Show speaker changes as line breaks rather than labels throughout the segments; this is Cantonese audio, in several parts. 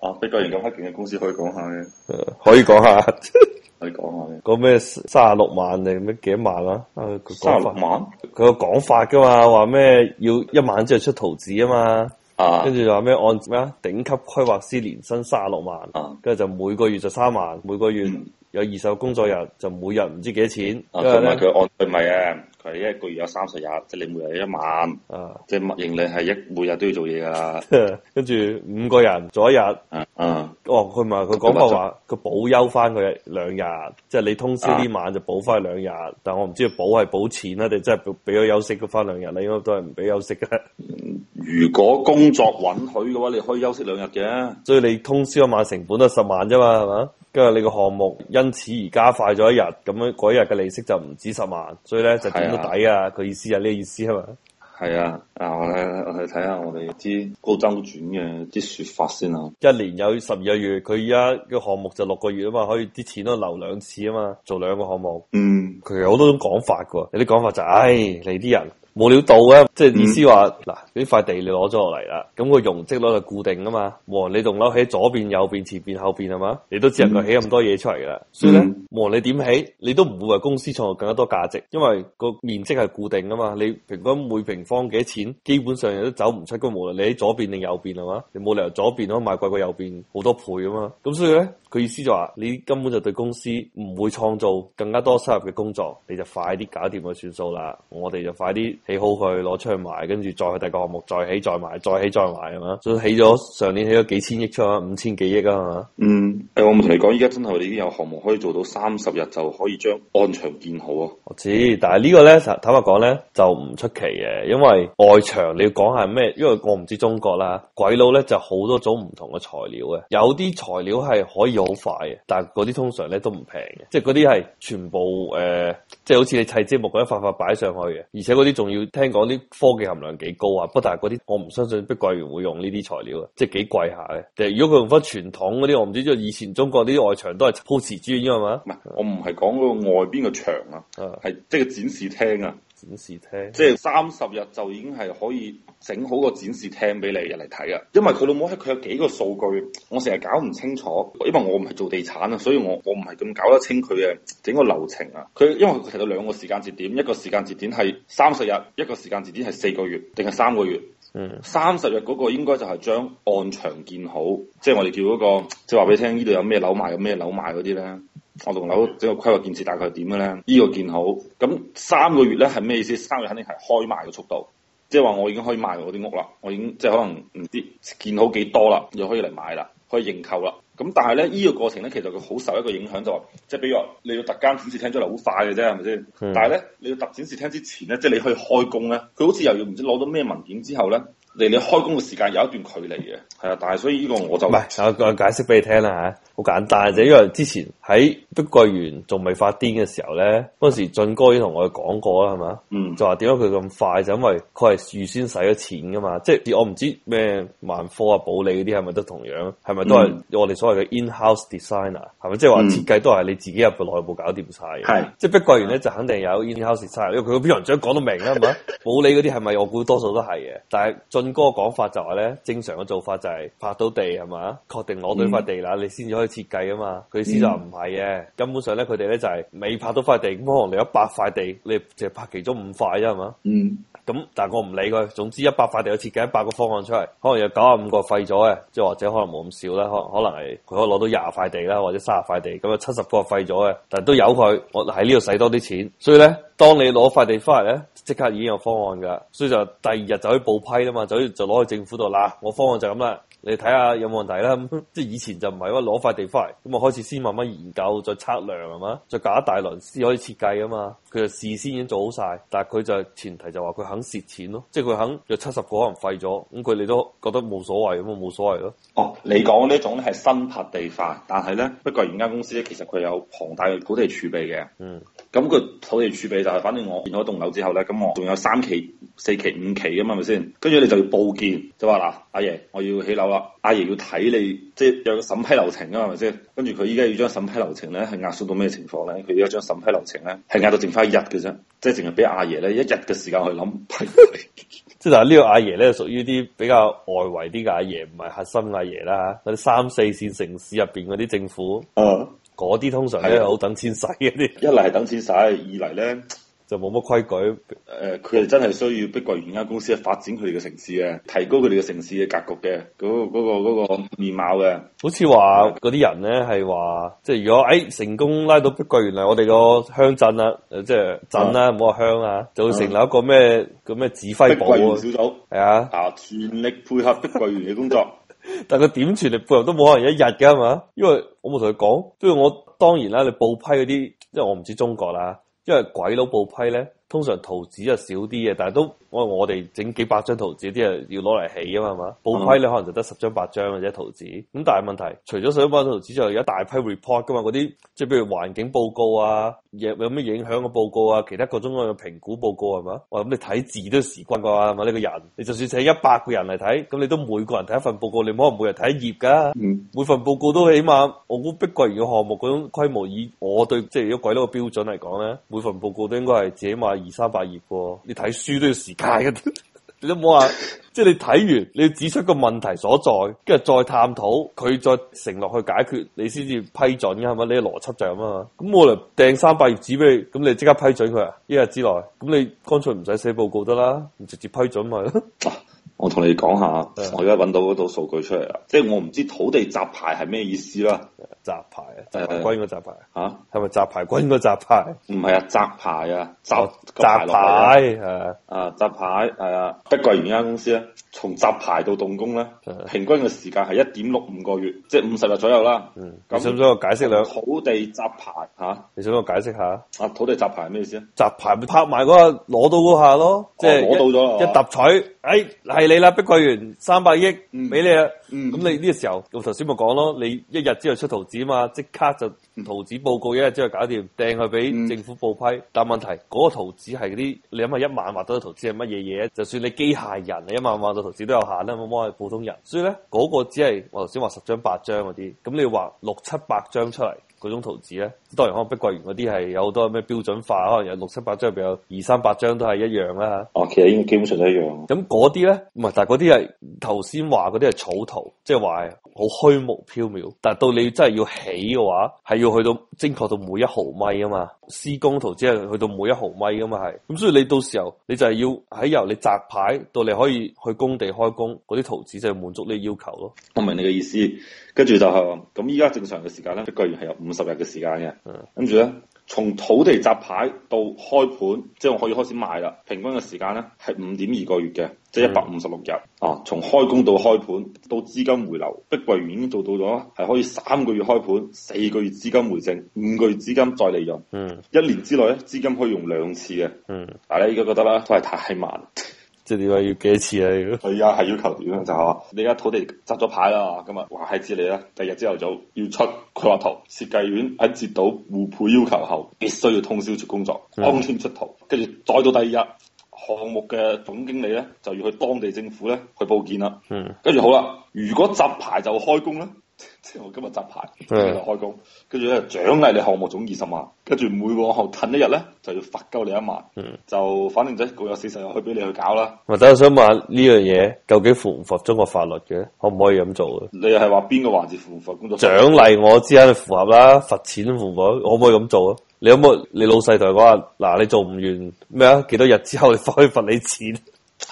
啊！碧桂園咁勁嘅
公司可以講下嘅，誒、啊，可以講下， 可以講下嘅，個咩三十六萬定咩幾萬啦、啊？三十六萬，佢個講法噶嘛，話咩要一晚之後出圖紙啊嘛，啊，跟住就話咩按咩啊，頂級規劃師年薪三十六萬，跟住就每個月就三萬，每個月。嗯有二手工作日就每
日唔知幾多錢，
同埋佢按佢咪啊，
佢一個月有三十日，即係你每日有一晚，啊、即係盈利係一每日都要做嘢㗎，
跟住五個人做一日，嗯、啊。啊哦，佢唔係佢講過話，佢補就休翻佢兩日，即係你通宵呢晚就補翻兩日，啊、但係我唔知補係補錢咧，定即係俾咗休息個翻兩日咧，應該都係唔俾休息嘅。如果
工作允許嘅話，你可以休息兩日嘅。
所以你通宵一晚成本得十萬啫嘛，係嘛？跟住你個項目因此而加快咗一日，咁樣嗰一日嘅利息就唔止十萬，所以咧就點都抵啊！佢意思係呢個意思係嘛？係啊，啊我我睇下我睇下我哋啲高周轉嘅啲說法先啊。一年有十二個月，佢而家個項目就六個月啊嘛，可以啲錢都留兩次啊嘛，做兩個項目。嗯，佢有好多種講法噶，有啲講法就是、唉，你啲人。冇料到啊！即係意思話，嗱呢塊地你攞咗落嚟啦，咁、個容積率係固定噶嘛。無論你棟樓喺左邊、右邊、前邊、後邊係嘛，你都只能夠起咁多嘢出嚟噶啦。嗯、所以咧，無論你點起，你都唔會為公司創造更加多價值，因為個面積係固定噶嘛。你平均每平方幾錢，基本上都走唔出個無論你喺左邊定右邊係嘛，你冇理由左邊可以賣貴過右邊好多倍啊嘛。咁所以咧。佢意思就話你根本就對公司唔會創造更加多收入嘅工作，你就快啲搞掂佢算數啦。我哋就快啲起好佢攞出去賣，跟住再去第二個項目，再起再賣，再起再賣，係嘛？所起咗上年起咗幾千億出五千幾億啊係嘛？嗯，誒，我同你講，依家真係我哋已經有項目可以做到三十日就可以將外牆建好啊。我知，但係呢個咧坦白講咧就唔出奇嘅，因為外牆你要講係咩？因為我唔知中國啦，鬼佬咧就好多種唔同嘅材料嘅，有啲材料係可以好快嘅，但係嗰啲通常咧都唔平嘅，即係嗰啲係全部誒、呃，即係好似你砌積木一塊塊擺上去嘅，而且嗰啲仲要聽講啲科技含量幾高啊！不但係嗰啲，我唔相信碧桂園會用呢啲材料啊，即係幾貴下嘅。其實如果佢用翻傳統嗰啲，我唔知，因為以前中國啲外牆都係鋪瓷磚噶嘛。唔係、嗯，我唔係講嗰個
外邊嘅牆啊，係即係展示廳啊，就是、展示廳，即係三十日就已經係可以。整好個展示廳俾你入嚟睇啊！因為佢老母喺，佢有幾個數據，我成日搞唔清楚。因為我唔係做地產啊，所以我我唔係咁搞得清佢嘅整個流程啊。佢因為佢提到兩個時間節點，一個時間節點係三十日，一個時間節點係四個月定係三個月。個月嗯，三十日嗰個應該就係將案場建好，即、就、係、是、我哋叫嗰、那個，即係話俾你聽，呢度有咩樓賣，有咩樓賣嗰啲咧。我棟樓整個規劃建設大概係點嘅咧？呢、這個建好，咁三個月咧係咩意思？三個月肯定係開賣嘅速度。即係話，我已經可以賣我啲屋啦，我已經即係可能唔知建好幾多啦，又可以嚟買啦，可以認購啦。咁但係咧，呢、呢個過程咧，其實佢好受一個影響就話，即係比如話你要特間展示廳出嚟好快嘅啫，係咪先？但係咧，你要特展示廳、嗯、之前咧，即係你可以開工咧，佢好似又要唔知攞到咩文件之後咧，離你開工嘅時間有一段距離嘅，係啊，但係所以呢
個我就唔係，我解釋俾你聽啦吓，好簡單就因為之前喺碧桂園仲未發癲嘅時候咧，嗰時俊哥已經同我哋講過啦，係、嗯就是、嘛，就話點解佢咁快就因為佢係預先使咗錢噶嘛，即係我唔知咩萬科啊保利嗰啲係咪都同樣，係咪都係我哋所謂嘅 in-house designer，係咪即係話設計都係你自己入去內部搞掂晒，係、嗯，即係碧桂園咧就肯定有 in-house designer，因為佢個編人長講到明啦，係嘛，保利嗰啲係咪我估多數都係嘅，但係。俊哥講法就係咧，正常嘅做法就係拍到地係嘛，確定攞到呢塊地啦，嗯、你先至可以設計啊嘛。佢意思就唔係嘅，根本上咧佢哋咧就係未拍到塊地，咁可能有一百塊地，你淨係拍其中五塊啫係嘛。嗯，咁但係我唔理佢，總之一百塊地去設計一百個方案出嚟，可能有九十五個廢咗嘅，即係或者可能冇咁少啦，可能可能係佢可攞到廿塊地啦，或者卅塊地咁啊，七十個廢咗嘅，但係都有佢，我喺呢度使多啲錢。所以咧，當你攞塊地翻嚟咧。即刻已經有方案噶，所以就第二日就可以報批啊嘛，就可以就攞去政府度啦，啊，我方案就咁啦，你睇下有冇問題啦。即 係以前就唔係話攞塊地翻嚟，咁啊開始先慢慢研究，再測量係嘛，再搞一大輪先可以設計啊嘛。佢就事先已經做好晒，但係佢就前提就話佢肯蝕錢咯，即係佢肯有七十個可能廢咗，咁佢哋都覺得冇所謂，咁啊冇所謂咯。
哦，你講呢種咧係新拍地化，但係咧，不過而家公司咧其實佢有龐大嘅土地儲備嘅。嗯。咁佢土地儲備就係，反正我建咗棟樓之後咧，咁我仲有三期、四期、五期噶嘛，係咪先？跟住你就要報建，就話嗱，阿爺我要起樓啦，阿爺要睇你，即係有個審批流程噶嘛，係咪先？跟住佢依家要將審批流程咧，係壓縮到咩情況咧？佢要將審批流程咧，係壓到剩翻一日嘅啫，即係淨係俾阿爺咧一日嘅時間去諗。即
係嗱，呢 個阿爺咧屬於啲比較外圍啲嘅阿爺，唔係核心阿爺啦，嗰啲三四線城市入邊嗰啲政府。嗯。Uh. 嗰啲通常咧好的等錢使嘅啲，一嚟係等
錢使，二嚟咧就冇乜規矩。誒、呃，佢哋真係需要碧桂園間公司發展佢哋嘅城市嘅，提高佢哋嘅城市嘅格局嘅，嗰個嗰個嗰個面貌嘅。
好似話嗰啲人咧係話，即係如果誒、欸、成功拉到碧桂園嚟我哋個鄉鎮啦，即係鎮啦，唔好話鄉啊，就會成立一個咩個咩指揮部小組啊，係啊、嗯，啊的全力配合碧桂園嘅工作。 但佢點全力配合都冇可能一日嘅係嘛，因為我冇同佢講，所以我當然啦，你報批嗰啲，即係我唔知中國啦，因為鬼佬報批咧，通常圖紙就少啲嘅，但係都我我哋整幾百張圖紙啲啊要攞嚟起啊嘛係嘛，報批你可能就得十張八張或者圖紙，咁但係問題除咗十張八張圖紙之外，仲有一大批 report 噶嘛，嗰啲即係譬如環境報告啊。有咩影響嘅報告啊？其他各種嘅評估報告係嘛？我咁你睇字都要時間啩係嘛？呢、這個人你就算請一百個人嚟睇，咁你都每個人睇一份報告，你唔可能每日睇一頁噶、啊。嗯、每份報告都起碼，我估碧桂園嘅項目嗰種規模，以我對即係一鬼佬嘅標準嚟講咧，每份報告都應該係至少買二三百頁噶。你睇書都要時間嘅、啊。 你都冇話，即係你睇完，你指出個問題所在，跟住再探討，佢再承諾去解決，你先至批准嘅係嘛？你邏輯就係咁嘛？咁我嚟掟三百頁紙俾你，咁你即刻批准佢啊？一日之內，咁你乾脆唔使寫報告得啦，直接批准咪咯。
我同你講下，我而家揾到嗰套數據出嚟啦。即係我唔知土地集牌係咩意思啦。雜牌，關於個雜牌吓，係咪雜牌關於個雜牌？唔係啊，雜牌啊，雜雜牌係啊，雜牌係啊。碧桂園間公司咧，從雜牌到動工咧，平均嘅時間係一點六五個月，即係五十日左右啦。咁想唔想我解釋兩？土地雜牌吓，你想唔想我解釋下
啊？土地雜牌係咩意思啊？雜牌拍埋嗰個攞到嗰下咯，即係攞到咗一抌彩，誒係。你啦，碧桂園三百億俾、嗯、你啦，咁你呢個時候，我頭先咪講咯，你一日之後出圖紙啊嘛，即刻就圖紙報告，一日之後搞掂，掟去俾政府報批。嗯、但問題嗰、嗰個圖紙係嗰啲，你諗下一晚畫多嘅圖紙係乜嘢嘢？就算你機械人，你一晚畫到圖紙都有限啦，冇乜係普通人。所以咧，嗰、嗰個只係我頭先話十張八張嗰啲，咁你畫六七百張出嚟。嗰種圖紙咧，當然可能碧桂園嗰啲係有好多咩標準化，可能有六七百張，入邊有二三百張都係一樣啦嚇。哦、啊，其實已經基本上都一樣。咁嗰啲咧，唔係，但係嗰啲係頭先話嗰啲係草圖，即係話。好虛無縹緲，但係到你真係要起嘅話，係要去到精確到每一毫米啊嘛，施工圖只係去到每一毫米啊嘛係，咁所以你到時候你就係要喺由你摘牌到你可以去工地開工嗰啲圖紙，就滿足你嘅要求咯。
我明你嘅意思，跟住就係、是、咁。依家正常嘅時間咧，一個月係有五十日嘅時間嘅，跟住咧。從土地摘牌到開盤，即係我可以開始賣啦。平均嘅時間咧係五點二個月嘅，即係一百五十六日。啊，從開工到開盤到資金回流，碧桂園已經做到咗，係可以三個月開盤，四個月資金回正，五個月資金再利用。嗯，一年之內咧資金可以用兩次嘅。嗯，但係你而家覺得啦，都係太慢。即係點啊？要幾多次啊？而家係要求點啊？就話、是、你而家土地執咗牌啦，咁啊，話係知你啦。第二日朝頭早要出規劃圖，設計院喺接到互配要求後，必須要通宵做工作，當天、嗯、出圖。跟住再到第二日，項目嘅總經理咧就要去當地政府咧去報建啦。嗯，跟住好啦，如果執牌就開工啦。即係我今日執牌就開工，跟住咧獎勵你項目總二十萬，跟住每個往後褪一日咧就要罰夠你一萬，嗯、就反正就係共有四十日可俾你去搞啦。
或者我想問下呢樣嘢究竟符唔符合中國法律嘅？可唔可以咁做嘅？
你又係話邊個環節符唔符合工作獎
勵？獎勵我知肯你符合啦，罰錢符,符合，可唔可以咁做可可以啊？你有冇你老細同你講話嗱？你做唔完咩啊？幾多日之後你返去罰你錢？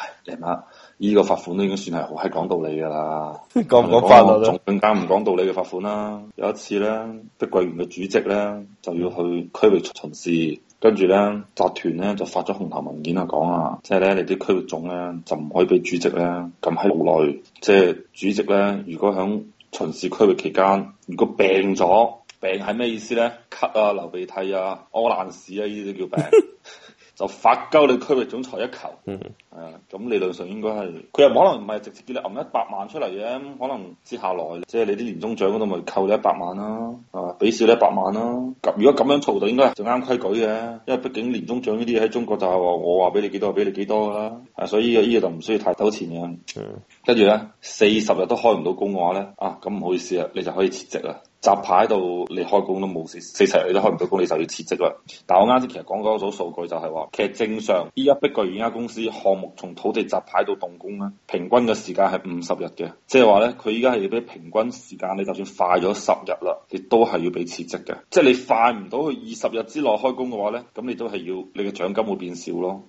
唉， 點
啊？呢個罰款都應該算係好係講道理噶啦，
唔講法律仲，
更加唔講道理嘅罰款啦有一次咧，碧桂園嘅主席咧就要去區域巡視，跟住咧集團咧就發咗紅頭文件啊，講啊，即係咧你啲區域總咧就唔可以俾主席咧咁喺勞累，即係主席咧如果響巡視區域期間，如果病咗，病係咩意思咧？咳啊，流鼻涕啊，屙爛屎啊，呢啲都叫病。 就發鳩你區域總裁一球，係、mm hmm. 啊，咁理論上應該係，佢又可能唔係直接叫你揞一百萬出嚟嘅，可能接下來，即、就、係、是、你啲年終獎嗰度咪扣你一百萬啦、啊，係、啊、俾少你一百萬啦、啊，咁、mm hmm. 如果咁樣措到，應該係仲啱規矩嘅，因為畢竟年終獎呢啲嘢喺中國就係話我話俾你幾多，俾你幾多噶啦、啊，啊，所以呢個呢個就唔需要太偷錢嘅，跟住咧四十日都開唔到工嘅話咧，啊，咁唔好意思啊，你就可以辭職啦。集牌到你開工都冇四四十日，你都開唔到工，你就要辭職啦。但係我啱先其實講咗一組數據，就係話，其實正常依家碧桂園公司項目從土地集牌到動工咧，平均嘅時間係五十日嘅。即係話咧，佢依家係要俾平均時間，你就算快咗十日啦，亦都係要俾辭職嘅。即係你快唔到去二十日之內開工嘅話咧，咁你都係要你嘅獎金會變少咯。